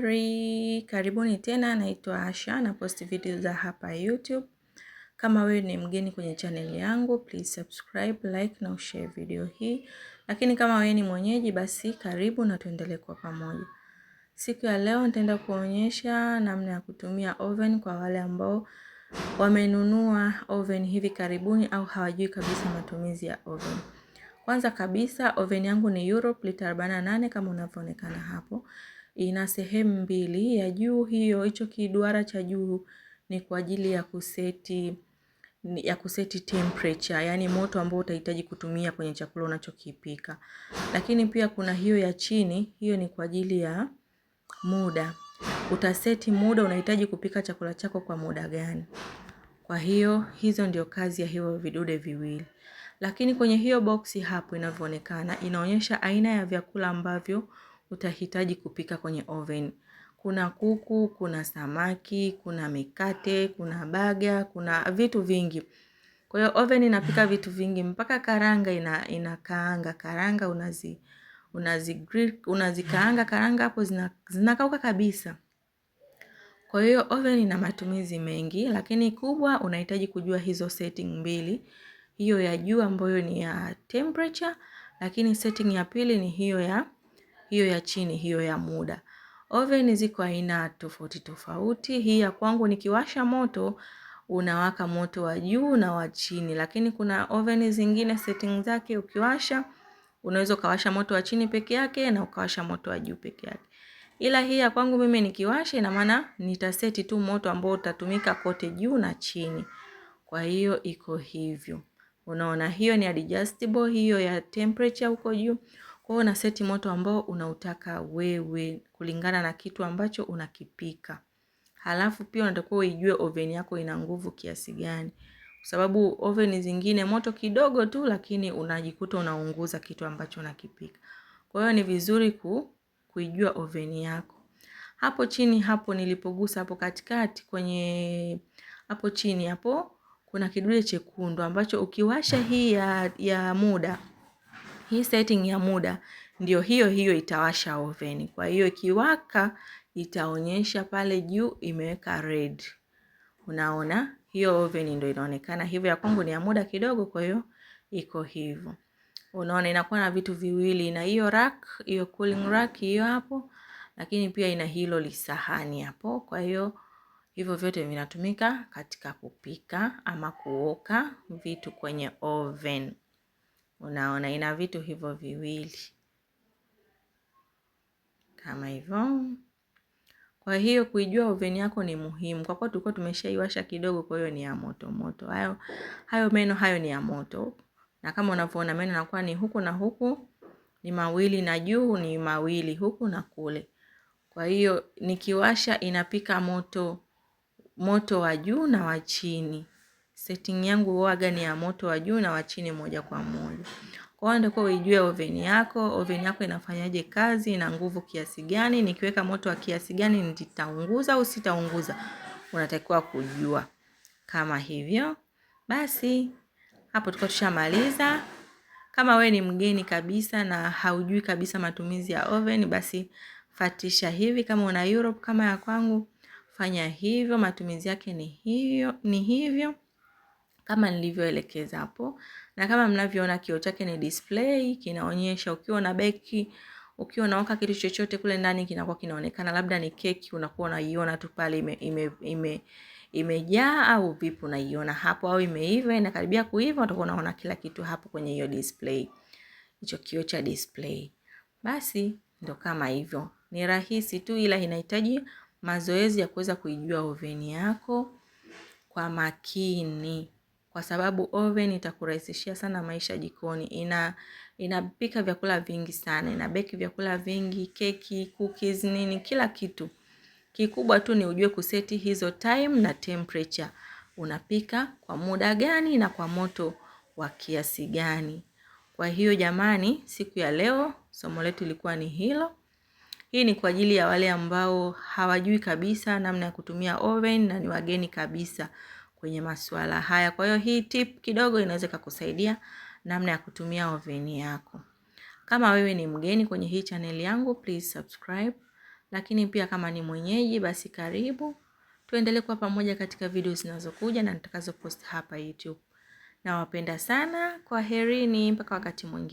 habari, karibuni tena. Naitwa Asha na post video za hapa YouTube. Kama wewe ni mgeni kwenye channel yangu, please subscribe, like na ushare video hii, lakini kama wewe ni mwenyeji, basi karibu na tuendelee kwa pamoja. Siku ya leo nitaenda kuonyesha namna ya kutumia oven kwa wale ambao wamenunua oven hivi karibuni au hawajui kabisa matumizi ya oven. Kwanza kabisa oven yangu ni Europe lita 48 kama unavyoonekana hapo. Ina sehemu mbili, ya juu hiyo hicho kiduara cha juu ni kwa ajili ya kuseti ya kuseti temperature, yani moto ambao utahitaji kutumia kwenye chakula unachokipika. Lakini pia kuna hiyo ya chini, hiyo ni kwa ajili ya muda. Utaseti muda unahitaji kupika chakula chako kwa muda gani. Kwa hiyo, hizo ndio kazi ya hiyo vidude viwili. Lakini kwenye hiyo boksi hapo inavyoonekana inaonyesha aina ya vyakula ambavyo utahitaji kupika kwenye oven. Kuna kuku, kuna samaki, kuna mikate, kuna baga, kuna vitu vingi. Kwa hiyo oven inapika vitu vingi mpaka karanga ina, inakaanga karanga unazi unazi grill unazikaanga karanga hapo zina, zinakauka kabisa. Kwa hiyo oven ina matumizi mengi, lakini kubwa unahitaji kujua hizo setting mbili hiyo ya juu ambayo ni ya temperature, lakini setting ya pili ni hiyo ya hiyo ya chini, hiyo ya muda. Oven ziko aina tofauti tofauti. Hii ya kwangu nikiwasha moto unawaka moto wa juu na wa chini, lakini kuna oven zingine setting zake ukiwasha unaweza ukawasha moto wa chini peke yake na ukawasha moto wa juu peke yake, ila hii ya kwangu mimi nikiwasha, ina maana nitaseti tu moto ambao utatumika kote juu na chini. Kwa hiyo iko hivyo. Unaona, hiyo ni adjustable, hiyo ya temperature huko juu. Kwa hiyo seti moto ambao unautaka wewe kulingana na kitu ambacho unakipika. Halafu pia unatakiwa uijue oven yako ina nguvu kiasi gani, kwa sababu oven zingine moto kidogo tu, lakini unajikuta unaunguza kitu ambacho unakipika. Kwa hiyo ni vizuri ku, kuijua oven yako. Hapo chini hapo nilipogusa hapo katikati kwenye hapo chini hapo kuna kidude chekundu ambacho ukiwasha hii ya, ya muda hii setting ya muda ndio hiyo hiyo itawasha oven. Kwa hiyo ikiwaka itaonyesha pale juu imeweka red. Unaona hiyo oven ndio inaonekana hivyo. Ya kwangu ni ya muda kidogo, kwa hiyo iko hivyo. Unaona inakuwa na vitu viwili, na hiyo rack, hiyo cooling rack hiyo hapo, lakini pia ina hilo lisahani hapo, kwa hiyo Hivyo vyote vinatumika katika kupika ama kuoka vitu kwenye oven. Unaona ina vitu hivyo viwili kama hivyo. Kwa hiyo kuijua oven yako ni muhimu, kwa kuwa tulikuwa tumeshaiwasha kidogo, kwa hiyo ni ya moto moto. Hayo hayo meno hayo ni ya moto, na kama unavyoona meno yanakuwa ni huku na huku ni mawili na juu ni mawili huku na kule. Kwa hiyo nikiwasha inapika moto moto wa juu na wa chini. Setting yangu huwaga ni ya moto wa juu na wa chini moja kwa moja. Kwa hiyo ndio uijue oven yako, oven yako inafanyaje kazi, na nguvu kiasi gani, nikiweka moto wa kiasi gani nitaunguza au sitaunguza. Unatakiwa kujua. Kama hivyo, basi hapo tuko tushamaliza. Kama we ni mgeni kabisa na haujui kabisa matumizi ya oven, basi fatisha hivi kama una Europe kama ya kwangu fanya hivyo, matumizi yake ni hiyo, ni hivyo kama nilivyoelekeza hapo, na kama mnavyoona kio chake ni display, kinaonyesha ukiwa na beki, ukiwa unaoka kitu chochote kule ndani kinakuwa kinaonekana, labda ni keki unakuwa unaiona tu pale ime, ime, ime imejaa au vipi, unaiona hapo, au imeiva inakaribia kuiva, utakuwa unaona kila kitu hapo kwenye hiyo display, hicho kio cha display. Basi ndo kama hivyo, ni rahisi tu, ila inahitaji mazoezi ya kuweza kuijua oveni yako kwa makini, kwa sababu oven itakurahisishia sana maisha jikoni. Ina inapika vyakula vingi sana, inabeki vyakula vingi, keki, cookies, nini, kila kitu. Kikubwa tu ni ujue kuseti hizo time na temperature, unapika kwa muda gani na kwa moto wa kiasi gani. Kwa hiyo jamani, siku ya leo somo letu ilikuwa ni hilo. Hii ni kwa ajili ya wale ambao hawajui kabisa namna ya kutumia oven na ni wageni kabisa kwenye masuala haya. Kwa hiyo hii tip kidogo inaweza ikakusaidia namna ya kutumia oven yako. Kama wewe ni mgeni kwenye hii channel yangu, please subscribe. Lakini pia kama ni mwenyeji, basi karibu tuendelee kwa pamoja katika video zinazokuja na nitakazo post hapa YouTube. Nawapenda sana, kwaherini mpaka wakati mwingine.